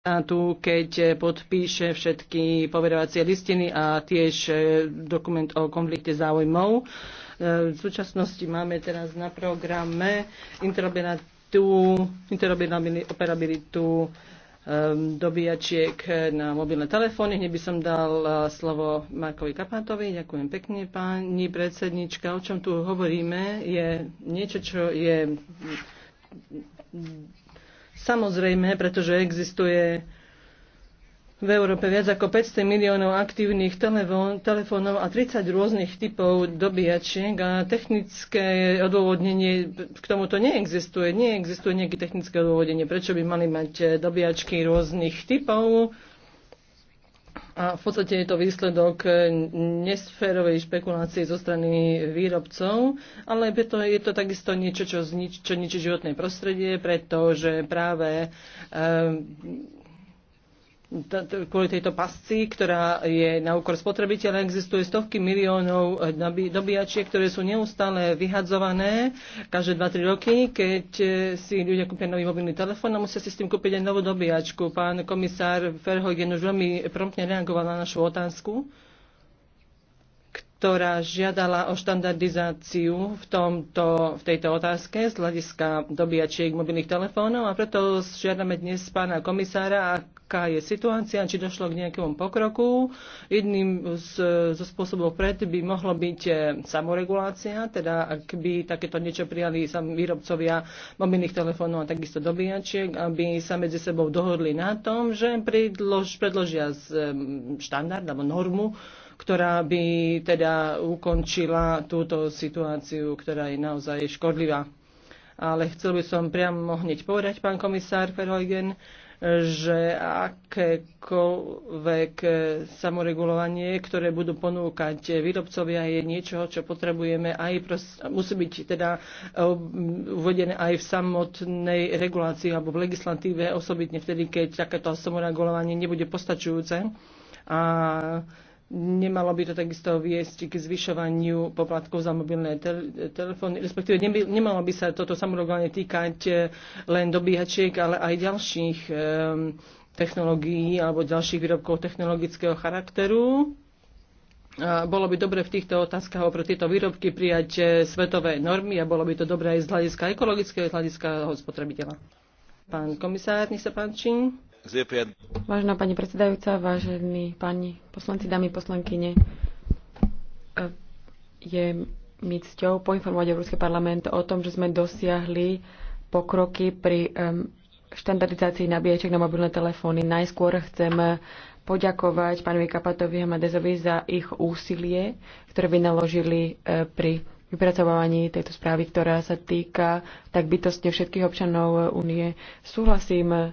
štátu, keď eh, podpíše všetky poverovacie listiny a tiež eh, dokument o konflikte záujmov. Eh, v súčasnosti máme teraz na programe interoperabilitu ehm, dobíjačiek na mobilné telefóny. Hneď by som dal slovo Markovi Kapátovi. Ďakujem pekne, pani predsednička. O čom tu hovoríme je niečo, čo je Samozrejme, pretože existuje v Európe viac ako 500 miliónov aktívnych telefónov a 30 rôznych typov dobíjačiek a technické odôvodnenie k tomuto neexistuje. Neexistuje nejaké technické odôvodnenie, prečo by mali mať dobíjačky rôznych typov. A v podstate je to výsledok eh, nesférovej špekulácie zo strany výrobcov, ale preto je to takisto niečo, čo, znič, čo ničí životné prostredie, pretože práve um, kvôli tejto pasci, ktorá je na úkor spotrebiteľa, existuje stovky miliónov dobíjačiek, eh, ktoré sú neustále vyhadzované každé 2-3 roky, keď eh, si ľudia kúpia nový mobilný telefón a musia si s tým kúpiť aj novú dobíjačku. Pán komisár Ferhogen už veľmi promptne reagoval na našu otázku ktorá žiadala o štandardizáciu v, tomto, v tejto otázke z hľadiska dobíjačiek mobilných telefónov a preto žiadame dnes pána komisára, aká je situácia, či došlo k nejakému pokroku. Jedným z, zo spôsobov pred by mohlo byť eh, samoregulácia, teda ak by takéto niečo prijali výrobcovia mobilných telefónov a takisto dobíjačiek, aby sa medzi sebou dohodli na tom, že predlož, predložia eh, štandard alebo normu, ktorá by teda ukončila túto situáciu, ktorá je naozaj škodlivá. Ale chcel by som priamo hneď povedať, pán komisár Ferhojgen, že akékoľvek samoregulovanie, ktoré budú ponúkať výrobcovia, je niečo, čo potrebujeme aj pros musí byť teda um, uvedené aj v samotnej regulácii alebo v legislatíve, osobitne vtedy, keď takéto samoregulovanie nebude postačujúce. A nemalo by to takisto viesť k zvyšovaniu poplatkov za mobilné tel- telefóny, respektíve neby, nemalo by sa toto samorogálne týkať e, len dobíhačiek, ale aj ďalších um, technológií alebo ďalších výrobkov technologického charakteru. A bolo by dobre v týchto otázkach pre tieto výrobky prijať e, svetové normy a bolo by to dobré aj z hľadiska ekologického, z hľadiska spotrebiteľa. Pán komisár, nech sa páči. Vážená pani predsedajúca, vážení páni poslanci, dámy poslankyne, e, je mi cťou poinformovať Európsky parlament o tom, že sme dosiahli pokroky pri štandardizácii nabíjačiek na mobilné telefóny. Najskôr chcem poďakovať pánovi Kapatovi a Madezovi za ich úsilie, ktoré vynaložili e, pri vypracovávaní tejto správy, ktorá sa týka tak bytostne všetkých občanov únie. Súhlasím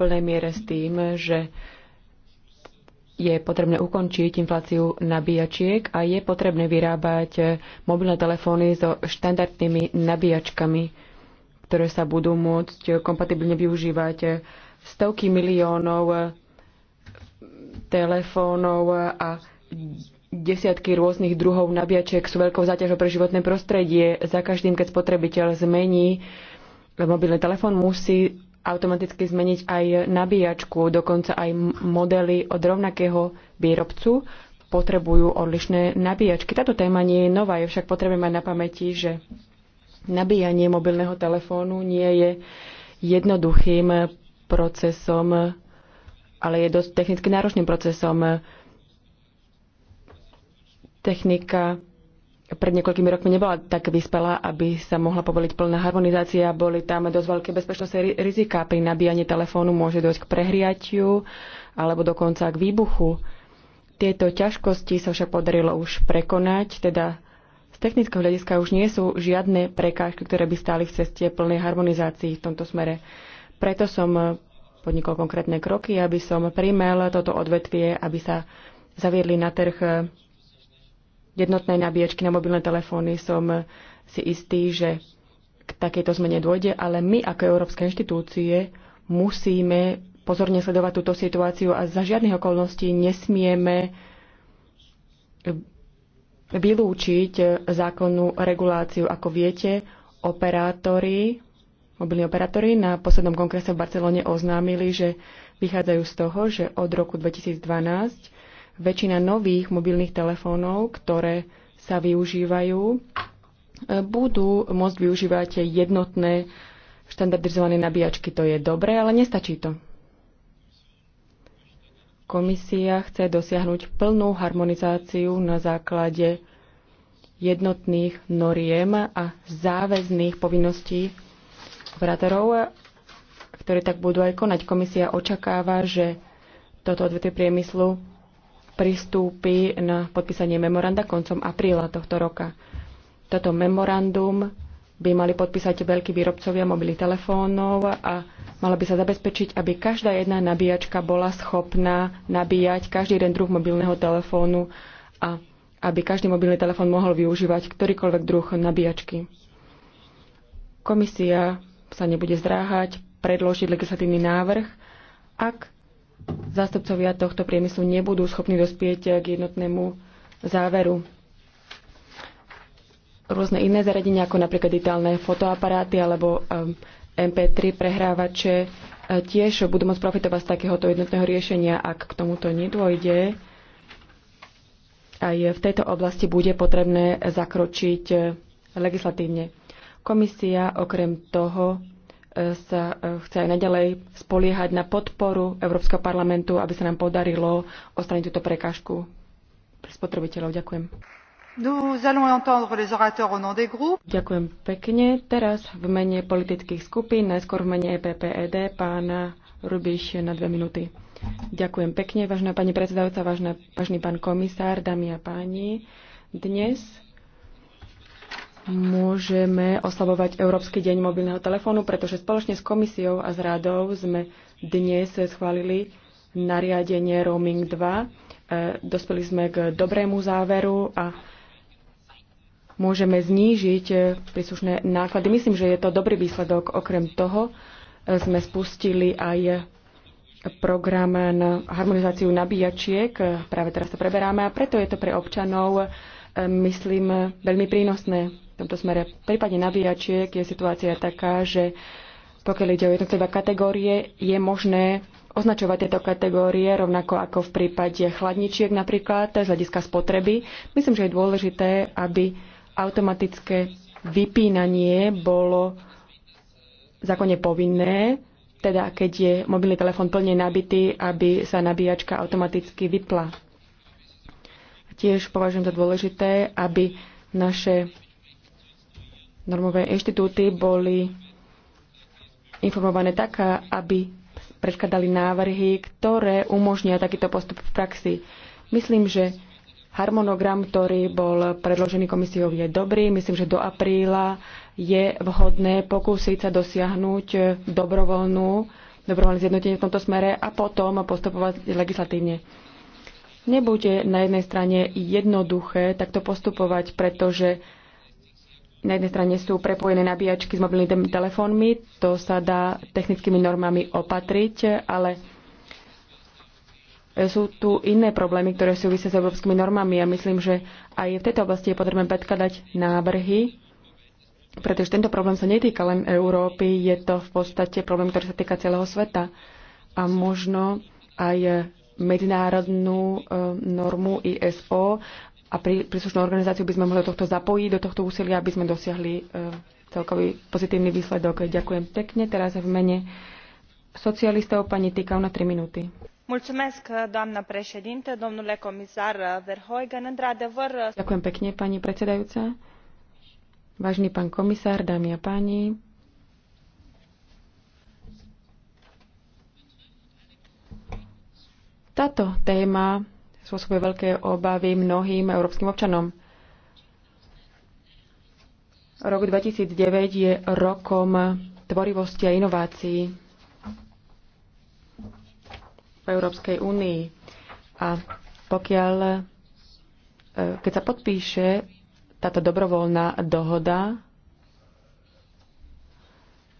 plnej miere s tým, že je potrebné ukončiť infláciu nabíjačiek a je potrebné vyrábať mobilné telefóny so štandardnými nabíjačkami, ktoré sa budú môcť kompatibilne využívať. Stovky miliónov telefónov a desiatky rôznych druhov nabíjačiek sú veľkou záťažou pre životné prostredie. Za každým, keď spotrebiteľ zmení mobilný telefón, musí automaticky zmeniť aj nabíjačku, dokonca aj modely od rovnakého výrobcu potrebujú odlišné nabíjačky. Táto téma nie je nová, je však potrebné mať na pamäti, že nabíjanie mobilného telefónu nie je jednoduchým procesom, ale je dosť technicky náročným procesom. Technika pred niekoľkými rokmi nebola tak vyspelá, aby sa mohla povoliť plná harmonizácia. Boli tam dosť veľké bezpečnostné rizika. Pri nabíjaní telefónu môže dojsť k prehriatiu alebo dokonca k výbuchu. Tieto ťažkosti sa však podarilo už prekonať, teda z technického hľadiska už nie sú žiadne prekážky, ktoré by stáli v ceste plnej harmonizácii v tomto smere. Preto som podnikol konkrétne kroky, aby som primel toto odvetvie, aby sa zaviedli na trh jednotnej nabíjačky na mobilné telefóny. Som si istý, že k takejto zmene dôjde, ale my ako európske inštitúcie musíme pozorne sledovať túto situáciu a za žiadnych okolností nesmieme vylúčiť zákonnú reguláciu. Ako viete, operátori, mobilní operátori na poslednom kongrese v Barcelone oznámili, že vychádzajú z toho, že od roku 2012 väčšina nových mobilných telefónov, ktoré sa využívajú, e, budú môcť využívať jednotné štandardizované nabíjačky. To je dobré, ale nestačí to. Komisia chce dosiahnuť plnú harmonizáciu na základe jednotných noriem a záväzných povinností operátorov, ktoré tak budú aj konať. Komisia očakáva, že toto odvetvie priemyslu pristúpi na podpísanie memoranda koncom apríla tohto roka. Toto memorandum by mali podpísať veľkí výrobcovia mobilných telefónov a malo by sa zabezpečiť, aby každá jedna nabíjačka bola schopná nabíjať každý jeden druh mobilného telefónu a aby každý mobilný telefón mohol využívať ktorýkoľvek druh nabíjačky. Komisia sa nebude zdráhať predložiť legislatívny návrh, ak zástupcovia tohto priemyslu nebudú schopní dospieť k jednotnému záveru. Rôzne iné zariadenia, ako napríklad digitálne fotoaparáty alebo MP3 prehrávače, e, tiež budú môcť profitovať z takéhoto jednotného riešenia. Ak k tomuto nedôjde, aj v tejto oblasti bude potrebné zakročiť e, legislatívne. Komisia okrem toho sa e, chce aj naďalej spoliehať na podporu Európskeho parlamentu, aby sa nám podarilo odstrániť túto prekážku pre spotrebiteľov. Ďakujem. Ďakujem pekne. Teraz v mene politických skupín, najskôr v mene EPPED, pána Rubiš na dve minúty. Ďakujem pekne, vážna pani predsedajúca, vážna, vážny pán komisár, dámy a páni. Dnes môžeme oslavovať Európsky deň mobilného telefónu, pretože spoločne s komisiou a s radou sme dnes schválili nariadenie Roaming 2. E, dospeli sme k dobrému záveru a môžeme znížiť príslušné náklady. Myslím, že je to dobrý výsledok. Okrem toho e, sme spustili aj program na harmonizáciu nabíjačiek. Práve teraz to preberáme a preto je to pre občanov, e, myslím, veľmi prínosné tomto smere. V prípade nabíjačiek je situácia taká, že pokiaľ ide o jednotlivé kategórie, je možné označovať tieto kategórie rovnako ako v prípade chladničiek napríklad z hľadiska spotreby. Myslím, že je dôležité, aby automatické vypínanie bolo zákonne povinné, teda keď je mobilný telefón plne nabitý, aby sa nabíjačka automaticky vypla. Tiež považujem za dôležité, aby naše normové inštitúty boli informované tak, aby predkladali návrhy, ktoré umožnia takýto postup v praxi. Myslím, že harmonogram, ktorý bol predložený komisiou, je dobrý. Myslím, že do apríla je vhodné pokúsiť sa dosiahnuť dobrovoľnú, dobrovoľné zjednotenie v tomto smere a potom postupovať legislatívne nebude na jednej strane jednoduché takto postupovať, pretože na jednej strane sú prepojené nabíjačky s mobilnými telefónmi, to sa dá technickými normami opatriť, ale sú tu iné problémy, ktoré súvisia s európskymi normami a myslím, že aj v tejto oblasti je potrebné predkladať návrhy, pretože tento problém sa netýka len Európy, je to v podstate problém, ktorý sa týka celého sveta a možno aj medzinárodnú e, normu ISO a pri, príslušnú organizáciu by sme mohli do tohto zapojiť, do tohto úsilia, aby sme dosiahli e, celkový pozitívny výsledok. Ďakujem pekne. Teraz v mene socialistov pani Tikau na 3 minúty. Ďakujem pekne, pani predsedajúca. Vážny pán komisár, dámy a páni. Táto téma spôsobuje veľké obavy mnohým európskym občanom. Rok 2009 je rokom tvorivosti a inovácií v Európskej únii. A pokiaľ, e, keď sa podpíše táto dobrovoľná dohoda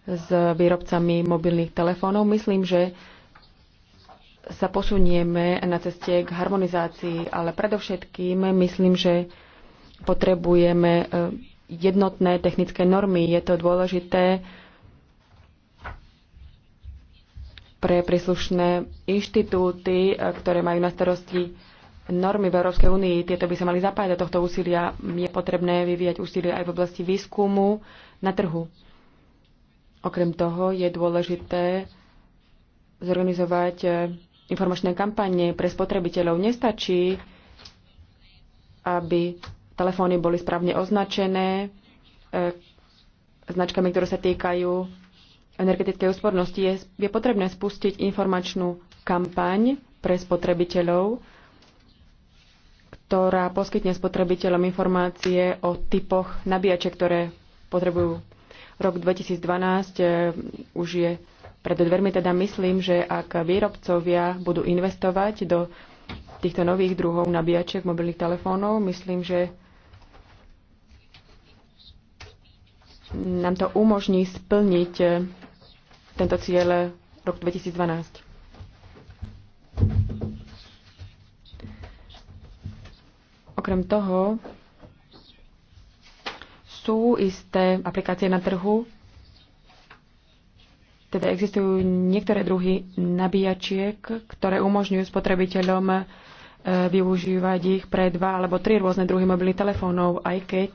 s výrobcami mobilných telefónov, myslím, že sa posunieme na ceste k harmonizácii, ale predovšetkým myslím, že potrebujeme e, jednotné technické normy. Je to dôležité pre príslušné inštitúty, e, ktoré majú na starosti normy v Európskej únii. Tieto by sa mali zapájať do tohto úsilia. Je potrebné vyvíjať úsilie aj v oblasti výskumu na trhu. Okrem toho je dôležité zorganizovať e, informačné kampane pre spotrebiteľov. Nestačí, aby telefóny boli správne označené e, značkami, ktoré sa týkajú energetickej úspornosti. Je, je potrebné spustiť informačnú kampaň pre spotrebiteľov, ktorá poskytne spotrebiteľom informácie o typoch nabíjače, ktoré potrebujú. Rok 2012 e, už je pred dvermi. Teda myslím, že ak výrobcovia budú investovať do týchto nových druhov nabíjačiek mobilných telefónov, myslím, že nám to umožní splniť eh, tento cieľ eh, rok 2012. Okrem toho sú isté aplikácie na trhu, teda existujú niektoré druhy nabíjačiek, ktoré umožňujú spotrebiteľom e, využívať ich pre dva alebo tri rôzne druhy mobilných telefónov, aj keď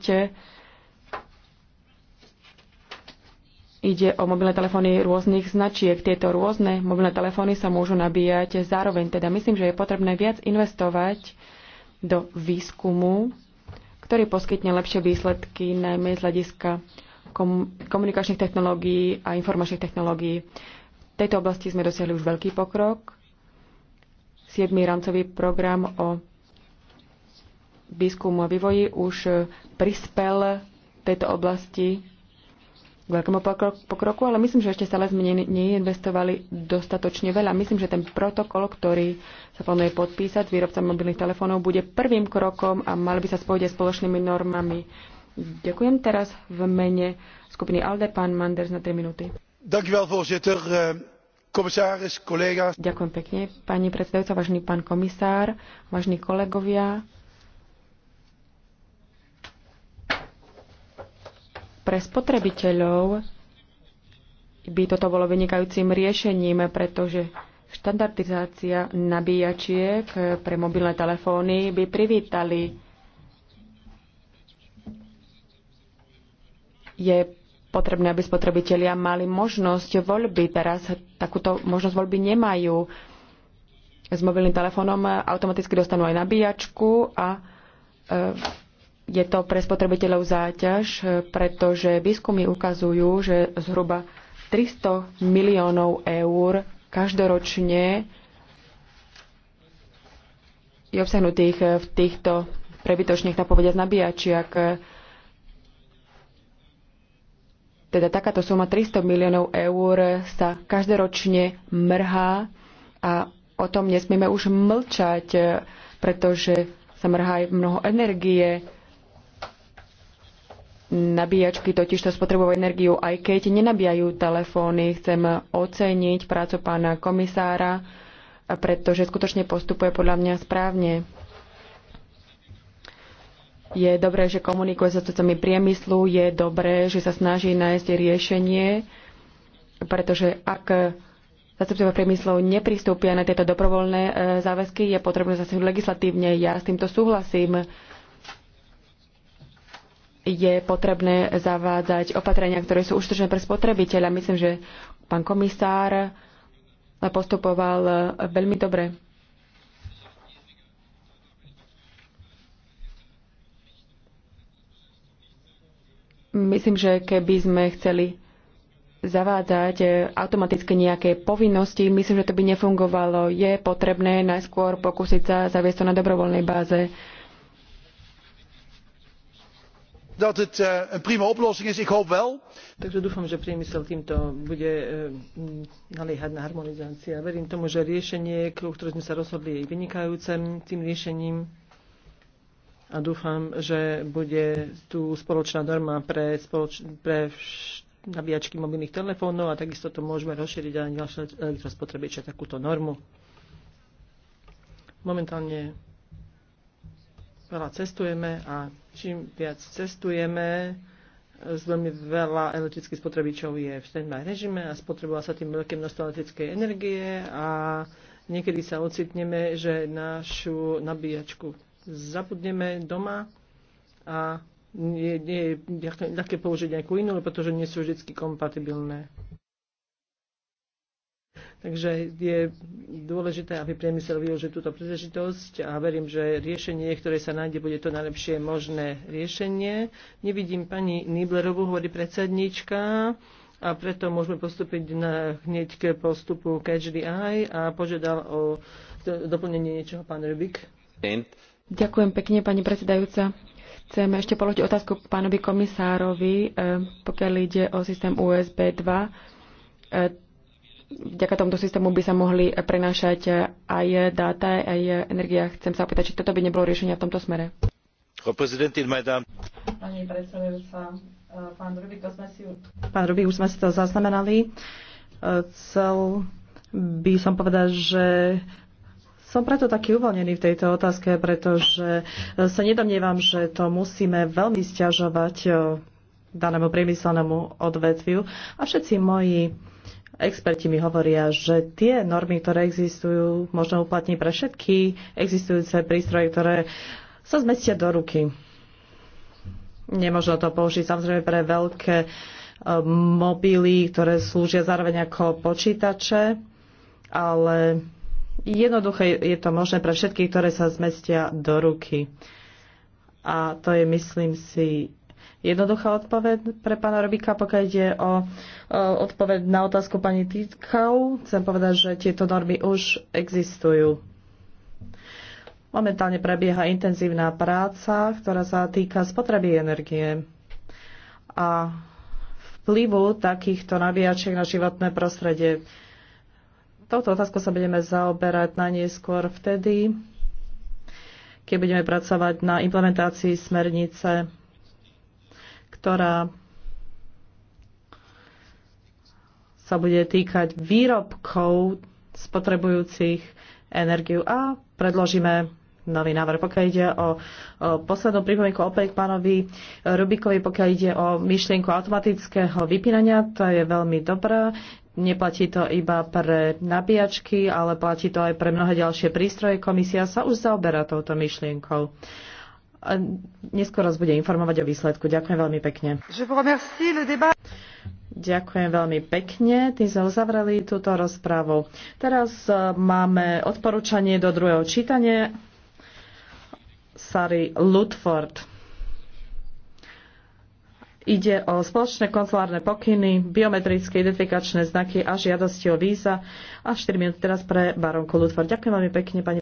ide o mobilné telefóny rôznych značiek. Tieto rôzne mobilné telefóny sa môžu nabíjať zároveň. Teda myslím, že je potrebné viac investovať do výskumu, ktorý poskytne lepšie výsledky, najmä z hľadiska kom- komunikačných technológií a informačných technológií. V tejto oblasti sme dosiahli už veľký pokrok. Siedmý rámcový program o výskumu a vývoji už prispel tejto oblasti k veľkému pokroku, ale myslím, že ešte stále sme neinvestovali dostatočne veľa. Myslím, že ten protokol, ktorý sa plánuje podpísať s výrobcami mobilných telefónov, bude prvým krokom a mali by sa spojiť aj spoločnými normami Ďakujem teraz v mene skupiny ALDE, pán Manders na 3 minúty. Eh, Ďakujem pekne, pani predsedajúca, vážený pán komisár, vážení kolegovia. Pre spotrebiteľov by toto bolo vynikajúcim riešením, pretože štandardizácia nabíjačiek pre mobilné telefóny by privítali Je potrebné, aby spotrebitelia mali možnosť voľby. Teraz takúto možnosť voľby nemajú. S mobilným telefónom automaticky dostanú aj nabíjačku a e, je to pre spotrebiteľov záťaž, pretože výskumy ukazujú, že zhruba 300 miliónov eur každoročne je obsahnutých v týchto prebytočných napovediach nabíjačiach. Teda takáto suma 300 miliónov eur sa každoročne mrhá a o tom nesmieme už mlčať, pretože sa mrhá aj mnoho energie. Nabíjačky totiž to spotrebujú energiu, aj keď nenabíjajú telefóny. Chcem oceniť prácu pána komisára, pretože skutočne postupuje podľa mňa správne. Je dobré, že komunikuje sa tými priemyslu, je dobré, že sa snaží nájsť riešenie, pretože ak zastupcovia priemyslov nepristúpia na tieto dobrovoľné e, záväzky, je potrebné zase legislatívne. Ja s týmto súhlasím. Je potrebné zavádzať opatrenia, ktoré sú užitočné pre spotrebiteľa. Myslím, že pán komisár postupoval veľmi dobre. Myslím, že keby sme chceli zavádzať eh, automaticky nejaké povinnosti, myslím, že to by nefungovalo. Je potrebné najskôr pokúsiť sa zaviesť to na dobrovoľnej báze. Dat het eh, een prima oplossing is, ik hoop wel. Takže dúfam, že priemysel týmto bude eh, naliehať na harmonizáciu. Verím tomu, že riešenie, ktoré sme sa rozhodli, je vynikajúcem tým riešením a dúfam, že bude tu spoločná norma pre, spoloč- pre nabíjačky mobilných telefónov a takisto to môžeme rozšíriť aj na ďalšie elektrospotrebiče takúto normu. Momentálne veľa cestujeme a čím viac cestujeme, veľmi veľa elektrických spotrebičov je v standby režime a spotrebová sa tým veľké množstvo elektrickej energie a niekedy sa ocitneme, že našu nabíjačku zabudneme doma a nie, nie je ľahké použiť nejakú inú, pretože nie sú vždy kompatibilné. Takže je dôležité, aby priemysel využil túto príležitosť a verím, že riešenie, ktoré sa nájde, bude to najlepšie možné riešenie. Nevidím pani Niblerovú, hovorí predsednička a preto môžeme postúpiť na, hneď k postupu Catch the Eye a požiadal o doplnenie niečoho pán Rubik. Ďakujem pekne, pani predsedajúca. Chcem ešte položiť otázku pánovi komisárovi, e, pokiaľ ide o systém USB 2 e, vďaka tomuto systému by sa mohli prenášať aj dáta, aj energia. Chcem sa opýtať, či toto by nebolo riešenia v tomto smere. Pani predsedajúca, e, pán Rubik, to sme si... Pán Rubik, už sme si to zaznamenali. Chcel by som povedať, že som preto taký uvoľnený v tejto otázke, pretože e, sa nedomnievam, že to musíme veľmi stiažovať e, danému priemyselnému odvetviu. A všetci moji experti mi hovoria, že tie normy, ktoré existujú, možno uplatniť pre všetky existujúce prístroje, ktoré sa zmestia do ruky. Nemôžno to použiť samozrejme pre veľké e, mobily, ktoré slúžia zároveň ako počítače, ale jednoduché je to možné pre všetkých, ktoré sa zmestia do ruky. A to je, myslím si, jednoduchá odpoveď pre pána Robika. Pokiaľ ide o, o odpoveď na otázku pani Týtkov, chcem povedať, že tieto normy už existujú. Momentálne prebieha intenzívna práca, ktorá sa týka spotreby energie a vplyvu takýchto nabíjačiek na životné prostredie touto otázku sa budeme zaoberať na neskôr vtedy, keď budeme pracovať na implementácii smernice, ktorá sa bude týkať výrobkov spotrebujúcich energiu a predložíme nový návrh. Pokiaľ ide o, o poslednú pripomienku opäť pánovi Rubikovi, pokiaľ ide o myšlienku automatického vypínania, to je veľmi dobrá Neplatí to iba pre nabíjačky, ale platí to aj pre mnohé ďalšie prístroje. Komisia sa už zaoberá touto myšlienkou. Neskôr vás bude informovať o výsledku. Ďakujem veľmi pekne. Ďakujem veľmi pekne. ty sme uzavreli túto rozprávu. Teraz e, máme odporúčanie do druhého čítania. Sari Ludford. Ide o spoločné konzulárne pokyny, biometrické identifikačné znaky a žiadosti o víza. A 4 minúty teraz pre baronku Ludvor. Ďakujem veľmi pekne, pani